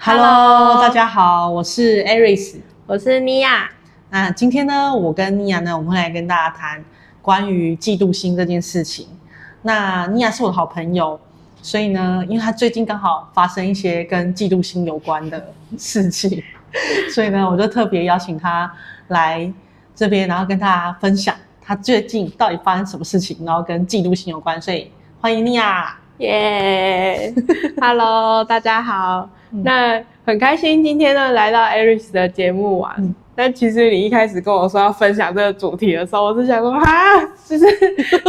Hello，hello 大家好，我是 Aris，我是 i 亞。那今天呢，我跟 i 亞呢，我們會來跟大家談關於嫉妒心這件事情。那 i 亞是我的好朋友，所以呢，因為她最近剛好發生一些跟嫉妒心有關的事情， 所以呢，我就特別邀請她來這邊，然後跟大家分享她最近到底發生什麼事情，然後跟嫉妒心有關。所以歡迎妮亞，耶 Yeah！Hello， 大家好。嗯、那很開心，今天呢來到艾瑞斯的節目玩、啊。嗯、但其實你一開始跟我說要分享這個主題的時候，我是想說啊，就是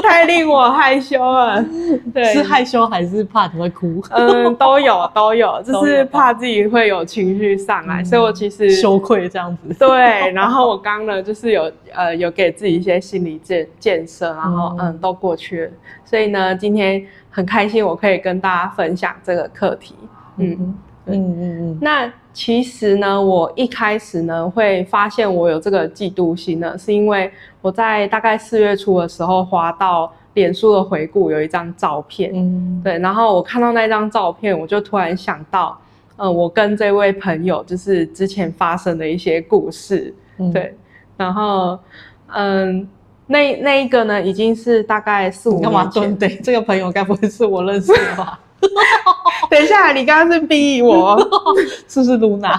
太令我害羞了。 對，是害羞還是怕你會哭？嗯，都有都有，就是怕自己會有情緒上來，嗯、所以我其實羞愧這樣子。對，然後我剛呢就是有呃有給自己一些心理建建設，然後嗯，嗯都過去了。所以呢，今天很開心我可以跟大家分享這個課題。嗯。嗯嗯嗯嗯，那其實呢，我一開始呢會發現我有這個嫉妒心呢，是因為我在大概四月初的時候滑到臉書的回顧，有一張照片。嗯嗯嗯對，然後我看到那張照片，我就突然想到，嗯、呃，我跟這位朋友就是之前發生的一些故事，嗯嗯對，然後嗯、呃，那那一個呢，已經是大概四五年前，幹嘛對？對，這個朋友該不會是我認識的吧？ 等一下，你剛剛是逼我， 是不是露娜？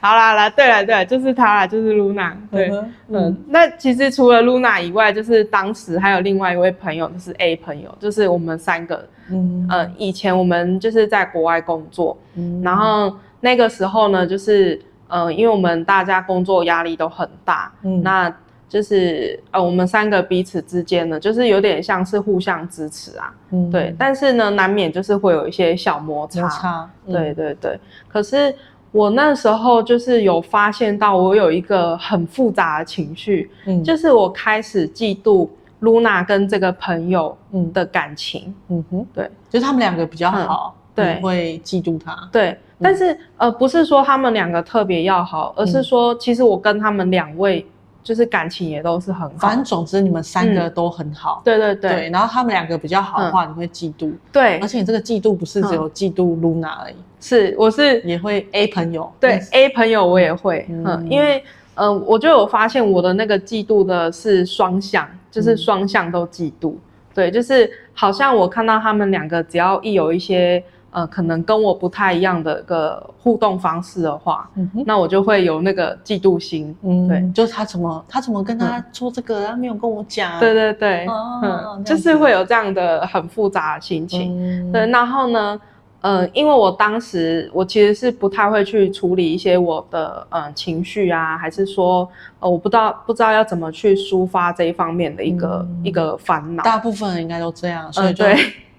好啦，來，對了，對了，就是她啦，就是露娜。就是、露娜，對，嗯，哼嗯、呃，那其實除了露娜以外，就是當時還有另外一位朋友，就是 A 朋友，就是我們三個。嗯，呃，以前我們就是在國外工作，嗯，然後那個時候呢，就是，嗯、呃，因為我們大家工作壓力都很大，嗯，那。就是呃，我們三個彼此之間呢，就是有點像是互相支持啊，嗯、哼對。但是呢，難免就是會有一些小摩擦。摩擦，嗯、對對對。可是我那時候就是有發現到，我有一個很複雜的情緒，嗯，就是我開始嫉妒露娜跟這個朋友嗯的感情，嗯哼，對，就是他們兩個比較好，嗯、對，會嫉妒他。對，嗯、但是呃，不是說他們兩個特別要好，而是說其實我跟他們兩位。就是感情也都是很好。反正總之你們三個都很好。嗯、對對對，對。然後他們兩個比較好的話，你會嫉妒。嗯、對。而且你這個嫉妒不是只有嫉妒露娜而已，嗯、是我是也會 A 朋友。對 Yes. A 朋友我也會，嗯，嗯，因為嗯、呃，我就有發現我的那個嫉妒的是雙向，就是雙向都嫉妒。嗯、對，就是好像我看到他們兩個只要一有一些。呃，可能跟我不太一樣的一個互動方式的話，嗯、哼那我就會有那個嫉妒心，嗯、對，就是他怎麼他怎麼跟他說這個、啊，嗯、他沒有跟我講、啊，對對對，啊、嗯就是會有這樣的很複雜的心情，嗯、對。然後呢，嗯、呃，因為我當時我其實是不太會去處理一些我的嗯、呃、情緒啊，還是說，呃，我不知道不知道要怎麼去抒發這一方面的一個、嗯、一個煩惱。大部分人應該都這樣，所以就、嗯、對。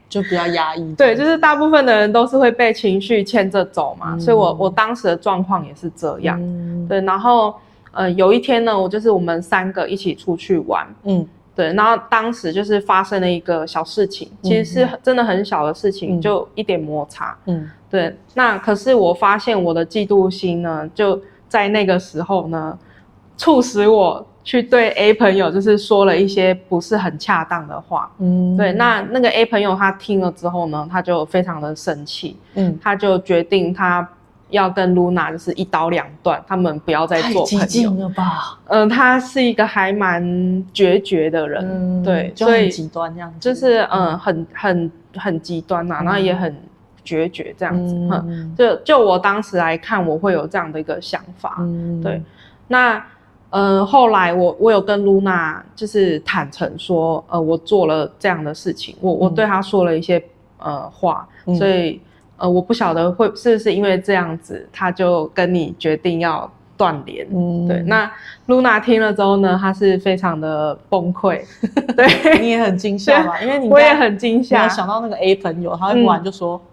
就比較壓抑，對，對就是大部分的人都是會被情緒牽着走嘛，嗯、所以我，我我當時的狀況也是這樣，嗯、對，然後，呃，有一天呢，我就是我們三個一起出去玩，嗯，對，然後當時就是發生了一個小事情，嗯、其實是真的很小的事情，嗯、就一點摩擦，嗯，對，那可是我發現我的嫉妒心呢，就在那個時候呢，促使我。嗯去對 A 朋友就是說了一些不是很恰當的話，嗯，對，那那個 A 朋友他聽了之後呢，他就非常的生氣，嗯，他就決定他要跟露娜就是一刀兩斷，他們不要再做朋友了吧？嗯、呃，他是一個還蠻決絕的人，嗯、對，所以很極端這樣子，就是嗯、呃，很很很極端吶、啊，嗯、然後也很決絕這樣子，嗯、就就我當時來看，我會有這樣的一個想法，嗯、對，那。呃，後來我我有跟露娜就是坦誠說，呃，我做了這樣的事情，我我對她說了一些呃話，嗯、所以呃，我不曉得會是不是因為這樣子，她就跟你決定要斷聯。嗯，對。那露娜聽了之後呢，她是非常的崩潰，嗯、對 你也很驚嚇吧？因為你我也很驚嚇，想到那個 A 朋友，他會突然就說。嗯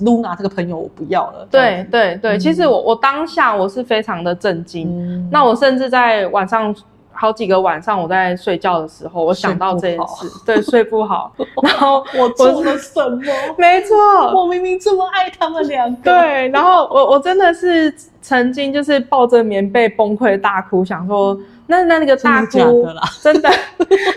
露娜這個朋友我不要了。對對對，嗯、其實我我當下我是非常的震驚。嗯、那我甚至在晚上好幾個晚上，我在睡覺的時候，嗯、我想到這件事，對睡不好。不好 然後我做了什麼？ 沒錯錯，我明明這麼愛他們兩個。 對，然後我我真的是曾經就是抱着棉被崩潰大哭，想說那那那個大哭真的假的啦， 真的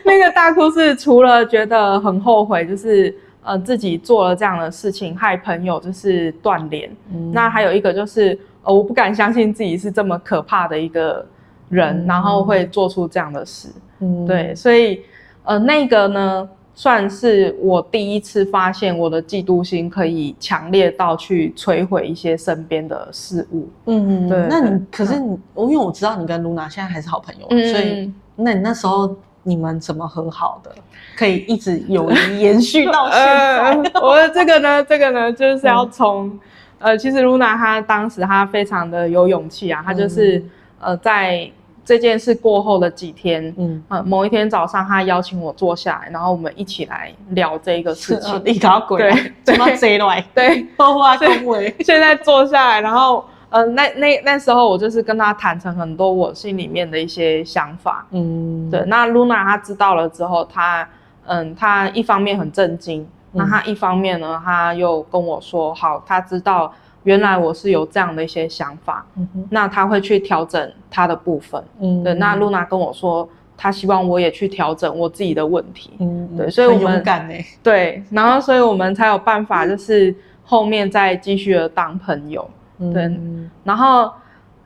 那個大哭是除了覺得很後悔，就是。呃，自己做了這樣的事情，害朋友就是斷聯。嗯、那還有一個就是，呃，我不敢相信自己是這麼可怕的一個人，嗯、然後會做出這樣的事。嗯，對，所以呃，那個呢，算是我第一次發現我的嫉妒心，可以強烈到去摧毀一些身邊的事物。嗯，對。那你可是你，我、啊、因為我知道你跟露娜現在還是好朋友、啊，嗯、所以那你那時候。你們怎麼和好的？可以一直友誼延續到現在，哦 呃？我的這個呢，這個呢，就是要從，嗯、呃，其實露娜她當時她非常的有勇氣啊，她就是、嗯、呃在這件事過後的幾天，嗯，呃某一天早上她邀請我坐下來，然後我們一起來聊這個事情，一條鬼，怎麼賊亂，對，破壞氛圍，現在坐下來，然後。嗯、呃，那那那時候我就是跟他坦誠很多我心裡面的一些想法，嗯，對。那露娜她知道了之後，她嗯，她一方面很震驚，嗯、那她一方面呢，她又跟我說，好，她知道原來我是有這樣的一些想法，嗯哼。那她會去調整她的部分，嗯，對。那露娜跟我說，她希望我也去調整我自己的問題，嗯，對。所以我們勇敢、欸。對，然後所以我們才有辦法，就是後面再繼續的當朋友。對，嗯、然後，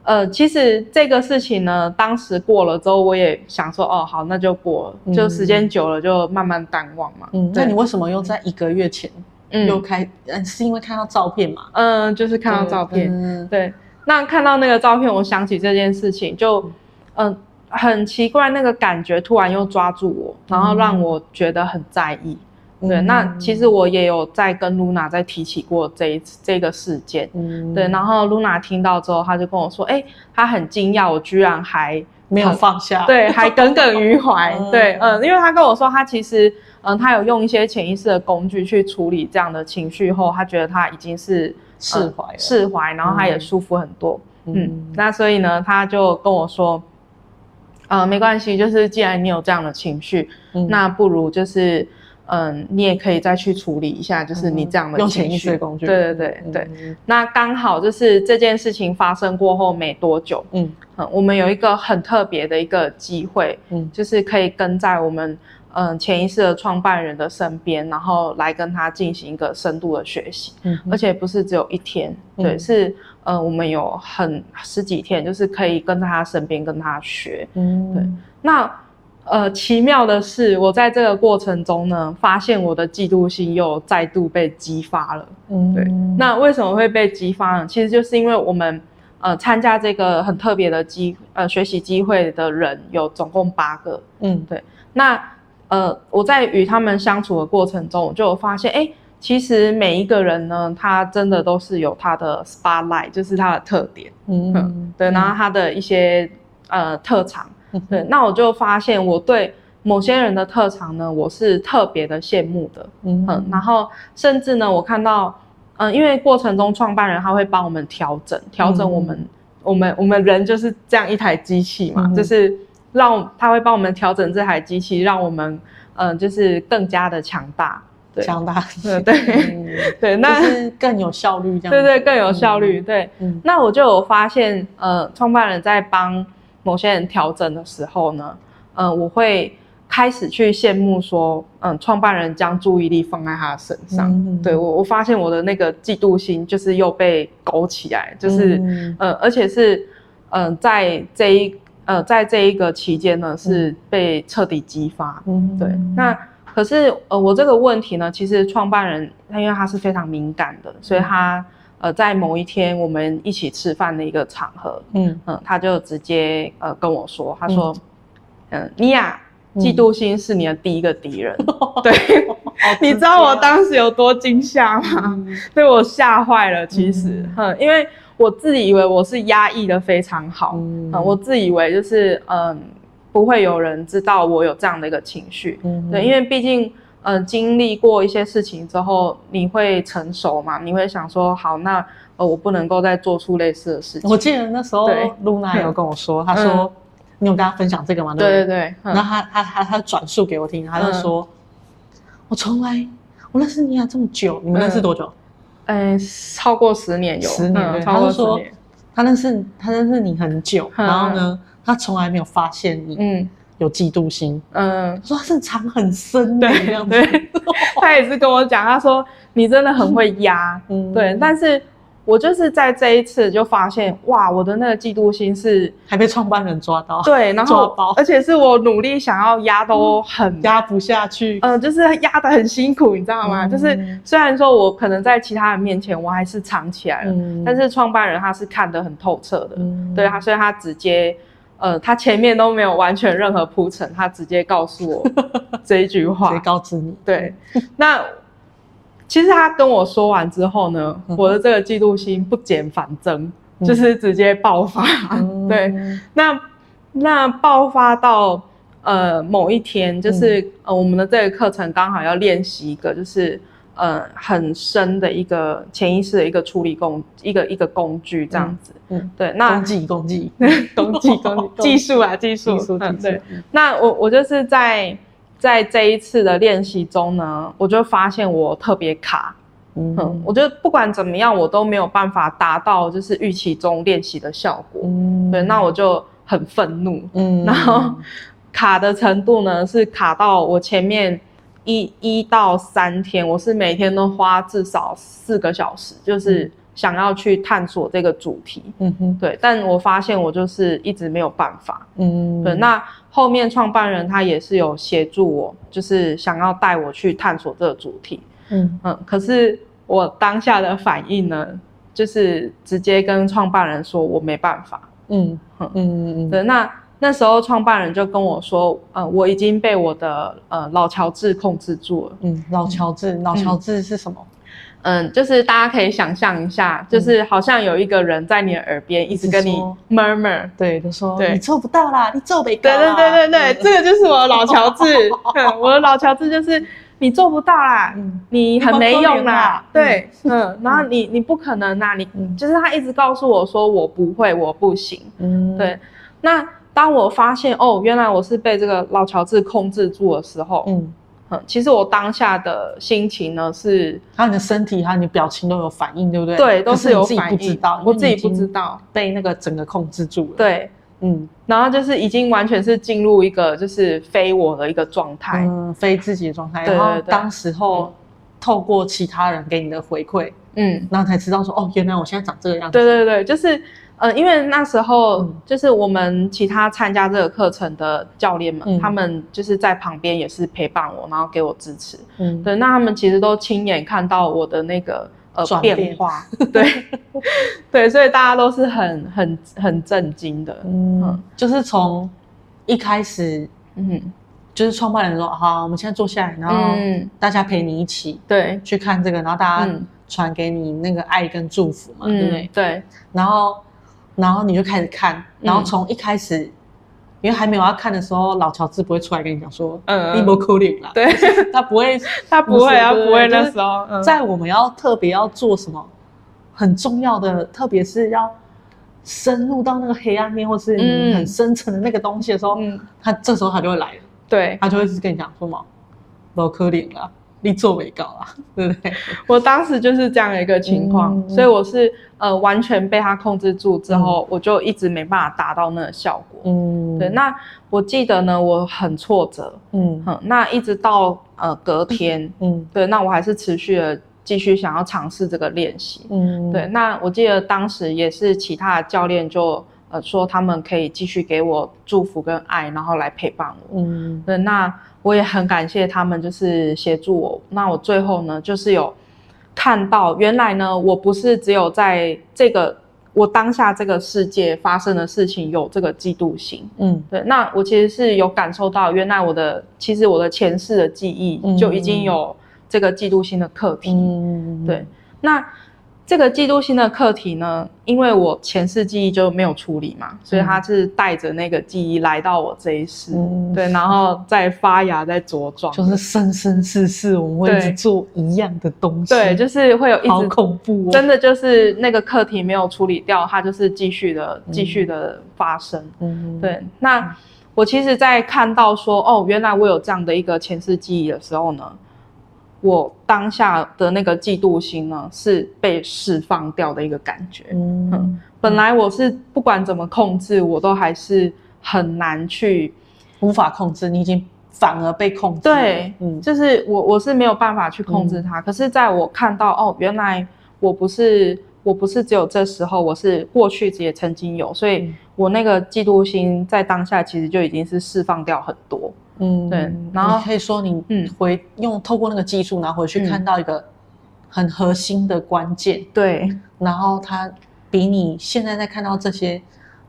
呃，其實這個事情呢，嗯、當時過了之後，我也想說，哦，好，那就過、嗯、就時間久了就慢慢淡忘嘛。嗯，但對你為什麼又在一個月前又開？嗯、呃，是因為看到照片嘛？嗯、呃，就是看到照片。對，那看到那個照片，我想起這件事情，就，嗯、呃，很奇怪，那個感覺突然又抓住我，然後讓我覺得很在意。嗯對，那其實我也有在跟露娜在提起過這一次這個事件，嗯，對，然後露娜聽到之後，她就跟我說，哎，她很驚訝，我居然還沒有放下，對，還耿耿於懷，嗯、對，嗯，因為她跟我說，她其實，嗯、呃，她有用一些潛意識的工具去處理這樣的情緒後，她覺得她已經是、呃、釋懷，釋懷，然後她也舒服很多，嗯，嗯，嗯，那所以呢，她就跟我說，呃，沒關係，就是既然你有這樣的情緒，嗯、那不如就是。嗯，你也可以再去處理一下，就是你這樣的情緒工具。對、嗯、對對對，那剛好就是這件事情發生過後沒多久，嗯，嗯我們有一個很特別的一個機會，嗯，就是可以跟在我們嗯潛意識的創辦人的身邊，然後來跟他進行一個深度的學習，嗯，而且不是只有一天，嗯、對，是嗯、呃，我們有很十幾天，就是可以跟在他身邊跟他學，嗯，對，那。呃，奇妙的是，我在這個過程中呢，發現我的嫉妒心又再度被激發了。嗯，對。那為什麼會被激發呢？其實就是因為我們呃參加這個很特別的機呃學習機會的人有總共八個。嗯，對。那呃我在與他們相處的過程中，我就發現，哎，其實每一個人呢，他真的都是有他的 spotlight，就是他的特點。嗯，對。然後他的一些、嗯、呃特長。對，那我就發現我對某些人的特長呢，我是特別的羨慕的。嗯,哼嗯然後甚至呢，我看到，嗯、呃，因為過程中創辦人他會幫我們調整，調整我們，嗯、哼我們，我們人就是這樣一台機器嘛，嗯、哼就是讓他會幫我們調整這台機器，讓我們，嗯、呃，就是更加的強大，強大，對對對，那、嗯、 對是更有效率，這樣對對更有效率，嗯、哼對。嗯、那我就有發現，呃，創辦人在幫。某些人調整的時候呢，嗯、呃，我會開始去羨慕說，嗯、呃，創辦人將注意力放在他的身上，嗯、哼對我，我發現我的那個嫉妒心就是又被勾起來，就是，嗯、哼呃，而且是，嗯、呃，在這一，呃，在這一個期間呢，是被徹底激發，嗯、哼對。那可是，呃，我這個問題呢，其實創辦人，他因為他是非常敏感的，所以他。嗯呃，在某一天我們一起吃飯的一個場合，嗯嗯、呃，他就直接呃跟我說，他說，嗯，妮雅、呃啊，嫉妒心是你的第一個敵人。嗯、 對，啊、你知道我當時有多驚嚇嗎？嗯、被我嚇壞了，其實，哼、嗯嗯，因為我自以為我是壓抑的非常好，嗯、呃，我自以為就是嗯、呃，不會有人知道我有這樣的一個情緒，嗯、對，因為畢竟。嗯、呃，經歷過一些事情之後，你會成熟嘛？你會想說，好，那呃，我不能夠再做出類似的事情。我記得那時候露娜對有跟我說，他、嗯、說：“嗯、你有跟他分享這個嗎？”對對對，對對。嗯、然後他他他他，他轉述給我聽，他就說：“嗯、我從來，我認識你倆這麼久，你們認識多久？嗯、呃，超過十年有、嗯、超過十年、嗯，她就說她認識他認識你很久，嗯、然後呢，他從來沒有發現你。”嗯。有嫉妒心，嗯，說是藏很深的樣，的對，對。他也是跟我講，他說你真的很會壓，嗯，對。但是，我就是在這一次就發現，哇，我的那個嫉妒心是還被創辦人抓到，對，然後抓包，而且是我努力想要壓都很壓不下去，嗯、呃，就是壓的很辛苦，你知道嗎？嗯、就是雖然說我可能在其他人面前我還是藏起來了，嗯、但是創辦人他是看得很透徹的，嗯、對他，所以他直接。呃，他前面都沒有完全任何鋪陳，他直接告訴我這一句話。 直接告訴你？對，那其實他跟我說完之後呢，嗯、哼我的這個嫉妒心不減反增，嗯、就是直接爆發。嗯、對，那那爆發到呃某一天，就是、嗯、呃我們的這個課程剛好要練習一個，就是。呃，很深的一個潛意識的一個處理工，一個一個工具這樣子。嗯，嗯對。那攻擊攻擊攻擊 攻擊，攻擊 技術啊技術技術嗯對。嗯那我我就是在在這一次的練習中呢，我就發現我特別卡。嗯，嗯我覺得不管怎麼樣，我都沒有辦法達到就是預期中練習的效果。嗯，對。那我就很憤怒。嗯，然後卡的程度呢，是卡到我前面。一一到三天，我是每天都花至少四個小時，就是想要去探索這個主題。嗯哼，對。但我發現我就是一直沒有辦法。嗯，對。那後面創辦人他也是有協助我，就是想要帶我去探索這個主題。嗯嗯。可是我當下的反應呢，就是直接跟創辦人說我沒辦法。嗯哼嗯嗯，嗯嗯對。那。那時候，創辦人就跟我說：“呃，我已經被我的呃老喬治控制住了。”嗯，老喬治，老喬治是什麼？嗯，就是大家可以想象一下，就是好像有一個人在你的耳邊一直跟你 murmur，對，他說：“你做不到啦，你做不到了。”對對對對對，這個就是我的老喬治。我的老喬治就是你做不到啦，你很沒用啦，對，嗯，然後你你不可能啦，你就是他一直告訴我說：“我不會，我不行。”嗯，對，那。當我發現哦，原來我是被這個老喬治控制住的時候，嗯，嗯，其實我當下的心情呢是，他你的身體和你的表情都有反應，對不對？對，都是有反應是自己不知道，我自己不知道被那個整個控制住了。對，嗯，嗯，然後就是已經完全是進入一個就是非我的一個狀態，嗯、非自己的狀態。對對對，然後當時候透過其他人給你的回饋，嗯，然後才知道說哦，原來我現在長這個樣子。對，對對對，就是。嗯、呃，因為那時候就是我們其他參加這個課程的教練們，嗯、他們就是在旁邊也是陪伴我，然後給我支持。嗯，對，那他們其實都親眼看到我的那個呃轉變，變化，對 對，對，所以大家都是很很很震驚的。嗯，嗯，就是從一開始，嗯，就是創辦人說好，我們現在坐下來，然後大家陪你一起對去看這個，然後大家傳給你那個愛跟祝福嘛，對、嗯、對，然後。然後你就開始看，然後從一開始，嗯、因為還沒有要看的時候，老喬治不會出來跟你講說 “emo coding” 了。嗯、對， 他不會，他不會啊，他不會。就是、他不會那時候，嗯、在我們要特別要做什麼很重要的，特別是要深入到那個黑暗面、嗯、或是很深層的那個東西的時候，嗯、他這時候他就會來了。對，他就會跟你講說嘛“嘛老 coding” 了。你做沒高啊，對不對？我當時就是這樣一個情況，嗯、所以我是呃完全被他控制住之後，嗯、我就一直沒辦法達到那個效果。嗯，對。那我記得呢，我很挫折。嗯哼，那一直到呃隔天，嗯，嗯對。那我還是持續的繼續想要嘗試這個練習。嗯，對。那我記得當時也是其他的教練就。說他們可以繼續給我祝福跟愛，然後來陪伴我。嗯，對，那我也很感謝他們，就是協助我。那我最後呢，就是有看到，原來呢，我不是只有在這個我當下這個世界發生的事情有這個嫉妒心。嗯，對，那我其實是有感受到，原來我的其實我的前世的記憶就已經有這個嫉妒心的課題。嗯，對，那。這個嫉妒心的課題呢，因為我前世記憶就沒有處理嘛，所以他是帶着那個記憶來到我這一世，嗯、對，然後再發芽，再茁壯，就是生生世世我們會一直做一樣的東西。對，對，就是會有一直好恐怖，哦，真的就是那個課題沒有處理掉，它就是繼續的繼續的發生，嗯，對。那我其實，在看到說哦，原來我有這樣的一個前世記憶的時候呢，我當下的那個嫉妒心呢，是被釋放掉的一個感覺。嗯，嗯，本來我是不管怎麼控制，我都還是很難去無法控制，你已經反而被控制。對，嗯，就是我我是沒有辦法去控制它。嗯，可是在我看到哦，原來我不是。我不是只有這時候，我是過去也曾經有，所以我那個嫉妒心在當下其實就已經是釋放掉很多，嗯，對。然後可以說你回、嗯、用透過那個技術拿回去看到一個很核心的關鍵，對、嗯。然後它比你現在在看到這些，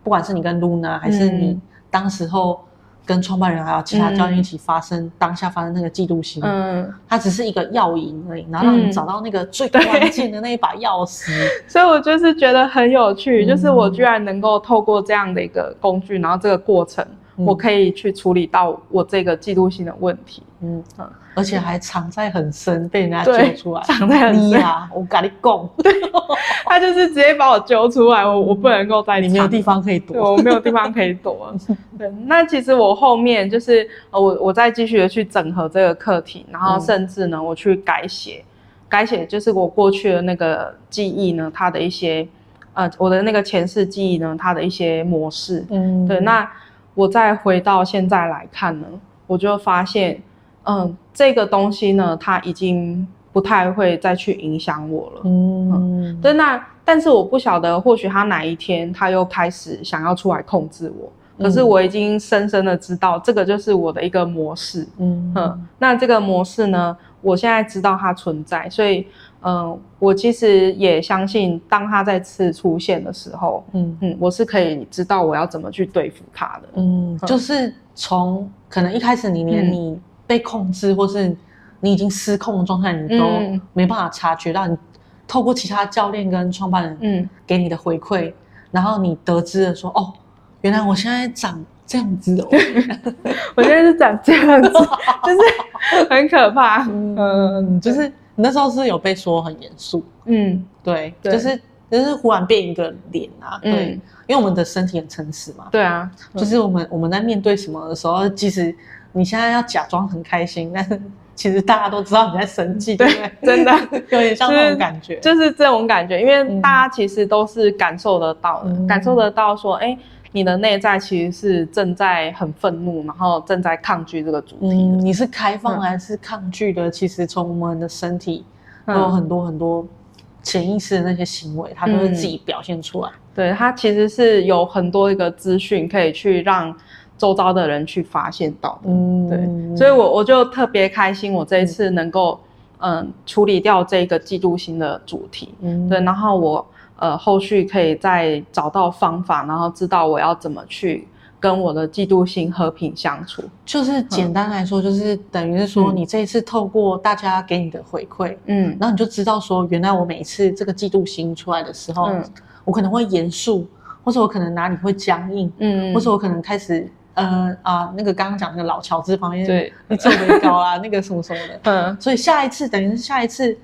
不管是你跟 Luna 還是你當時候。跟創辦人還有其他教練一起發生、嗯、當下發生那個嫉妒心，嗯，它只是一個藥引而已，然後讓你找到那個最關鍵的那一把鑰匙。所以，我就是覺得很有趣，嗯、就是我居然能夠透過這樣的一個工具，然後這個過程。我可以去處理到我這個嫉妒心的問題，嗯，而且還藏在很深，被人家揪出來，藏在很深，你啊、我跟你講， 他就是直接把我揪出來，我我不能夠在裡面，沒有地方可以躲，我沒有地方可以躲。 那其實我後面就是，呃，我我再繼續的去整合這個課題，然後甚至呢，我去改寫，改寫就是我過去的那個記憶呢，它的一些，呃，我的那個前世記憶呢，它的一些模式，嗯，對，那。我再回到現在來看呢，我就發現，嗯，這個東西呢，它已經不太會再去影響我了。嗯，對，嗯，但那但是我不曉得，或許它哪一天它又開始想要出來控制我，可是我已經深深的知道，這個就是我的一個模式。嗯嗯，嗯，那這個模式呢，我現在知道它存在，所以。嗯、呃，我其實也相信，當他再次出現的時候，嗯嗯，我是可以知道我要怎麼去對付他的。嗯，嗯，就是從可能一開始你連你被控制，或是你已經失控的狀態，你都沒辦法察覺到。你透過其他教練跟創辦人嗯給你的回饋，嗯、然後你得知了說，哦，原來我現在長這樣子哦， 我現在是長這樣子， 就是很可怕。 嗯，就是。那時候是有被說很嚴肅，嗯，對，對就是就是忽然變一個臉啊，嗯、對，因為我們的身體很誠實嘛，對啊、嗯，就是我們我們在面對什麼的時候，即使你現在要假裝很開心，但是其實大家都知道你在生氣，對，對吧真的 有點像那種感覺、就是，就是這種感覺，因為大家其實都是感受得到的，嗯、感受得到說，哎、欸。你的內在其實是正在很憤怒，然後正在抗拒這個主題、嗯。你是開放還是抗拒的？嗯、其實從我們的身體，嗯、然後很多很多潛意識的那些行為，它都是自己表現出來。嗯、對，它其實是有很多一個資訊可以去讓周遭的人去發現到的。嗯、對，所以我我就特別開心，我這一次能夠嗯、呃、處理掉這個嫉妒心的主題。嗯，對，然後我。呃，後續可以再找到方法，然後知道我要怎麼去跟我的嫉妒心和平相處。就是簡單來說，嗯、就是等於是說，你這一次透過大家給你的回饋，嗯，嗯，然後你就知道說，原來我每一次這個嫉妒心出來的時候，嗯、我可能會嚴肅，或者我可能哪裡會僵硬，嗯，嗯，或者我可能開始，呃啊，那個剛剛講那個老喬治旁邊，對，你走位高啊， 那個什麼什麼的，嗯，所以下一次等於是下一次。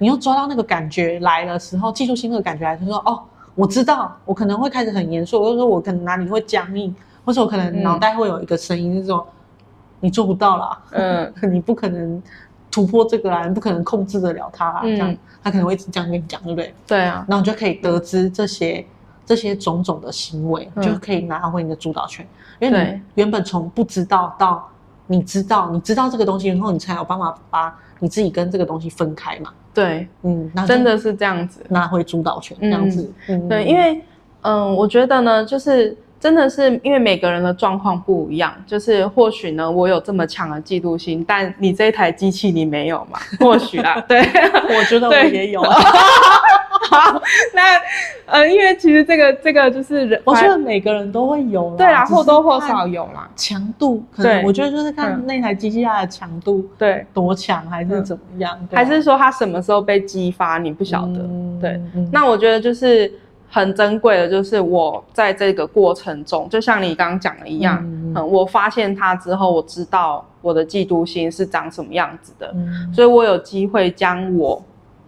你又抓到那個感覺來的時候，嫉妒心的感覺還是說，哦，我知道，我可能會開始很嚴肅，或者說，我可能哪裡會僵硬，或者我可能腦袋會有一個聲音，就說、嗯、你做不到啦，嗯呵呵，你不可能突破這個啦，你不可能控制得了它啦，嗯、這樣，他可能會一直這樣跟你講，對不對？對啊，然後你就可以得知這些、嗯、這些種種的行為，嗯、就可以拿回你的主導權，因為你原本從不知道到你知道，對你知道這個東西，然後你才有辦法把。你自己跟這個東西分開嘛？對，嗯，真的是這樣子，拿回主導權這樣子，嗯嗯、對，嗯、因為，嗯、呃，我覺得呢，就是真的是因為每個人的狀況不一樣，就是或許呢，我有這麼強的嫉妒心，但你這一台機器你沒有嘛？或許啦， 對，我覺得我也有。對 好，那呃，因為其實這個這個就是人，我覺得每個人都會有，對啊，或多或少有嘛。強度，可能，我覺得就是看那台機器它的強度，對，多強還是怎麼樣，啊、還是說它什麼時候被激發，你不曉得？嗯、對，嗯、那我覺得就是很珍貴的，就是我在這個過程中，就像你剛剛講的一樣，嗯，嗯，我發現它之後，我知道我的嫉妒心是長什麼樣子的，嗯、所以我有機會將我。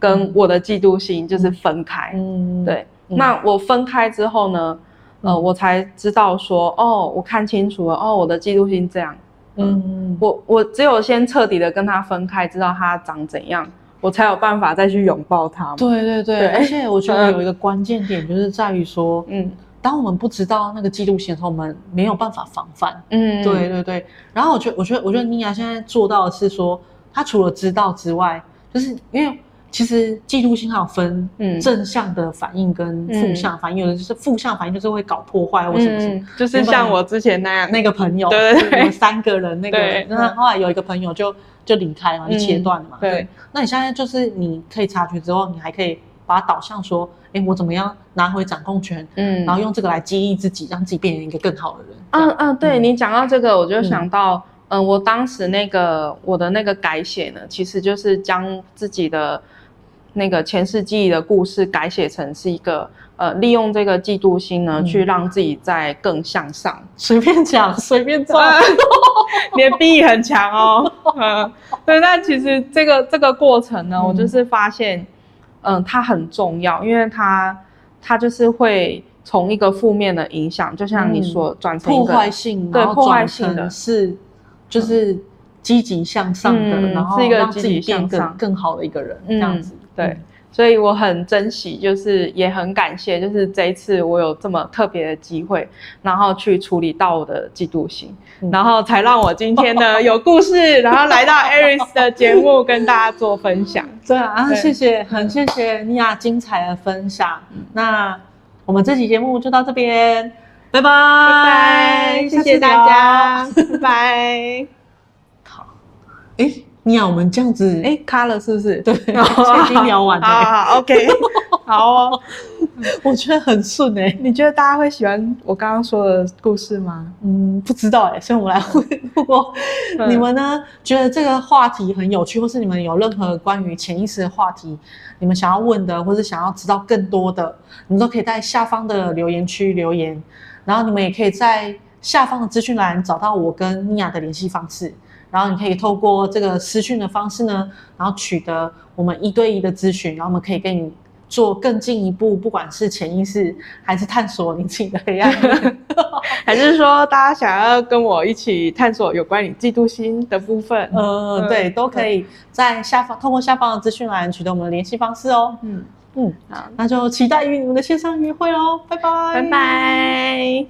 跟我的嫉妒心就是分開，嗯，對。嗯、那我分開之後呢，嗯、呃，我才知道說，哦，我看清楚了，哦，我的嫉妒心這樣，嗯，嗯，我我只有先徹底的跟他分開，知道他長怎樣，我才有辦法再去擁抱他。對對對，對，而且我覺得有一個關鍵點就是在於說，嗯，當我們不知道那個嫉妒心的時候，我們沒有辦法防範。嗯，對對對。然後我覺得，我覺得，我覺得妮婭現在做到的是說，她除了知道之外，就是因為。其實嫉妒心還分正向的反應跟負向反應，有的就是負向反應就是會搞破壞或什麼，就是像我之前那樣那個朋友，我們三個人那個，那後來有一個朋友就就離開了，就切斷了嘛。對，那你現在就是你可以察覺之後，你還可以把它導向說，誒我怎麼樣拿回掌控權？嗯，然後用這個來激勵自己，讓自己變成一個更好的人。嗯嗯，對你講到這個，我就想到，嗯，我當時那個我的那個改寫呢，其實就是將自己的。那個前世記憶的故事改寫成是一個呃，利用這個嫉妒心呢，去讓自己再更向上、嗯。隨便講，隨便講， 你的筆很強哦、 嗯。對。但其實這個這個過程呢，我就是發現，嗯、呃，它很重要，因為它它就是會從一個負面的影響，就像你說，嗯、轉成破壞性對破壞性的，是就是。嗯積極向上的，然後讓自己向上更好的一個人，這樣子對，所以我很珍惜，就是也很感謝，就是這一次我有這麼特別的機會，然後去處理到我的嫉妒心，然後才讓我今天呢有故事，然後來到 Aris 的節目跟大家做分享。對啊，謝謝，很謝謝 Nia 精彩的分享。那我們這期節目就到這邊，拜拜，拜拜，謝謝大家，拜。妮婭、欸啊，我們這樣子，哎、欸，卡了是不是？對，已經聊完、欸。啊， 好啊，OK，好哦。 我覺得很順哎、欸，你覺得大家會喜歡我剛剛說的故事嗎？嗯，不知道哎、欸，所以我來回復哦。你們呢，覺得這個話題很有趣，或是你們有任何關於潛意識的話題，你們想要問的，或是想要知道更多的，你們都可以在下方的留言區留言。然後你們也可以在下方的資訊欄找到我跟妮婭的聯繫方式。然後你可以透過這個私訊的方式呢，然後取得我們一對一的諮詢，然後我們可以跟你做更進一步，不管是潛意識還是探索你自己的黑暗的， 還是說大家想要跟我一起探索有關你嫉妒心的部分，嗯，嗯對，都可以在下方透、嗯、過下方的資訊欄取得我們的聯繫方式哦。嗯嗯，嗯好那就期待與你們的線上約會嘍，拜拜拜拜。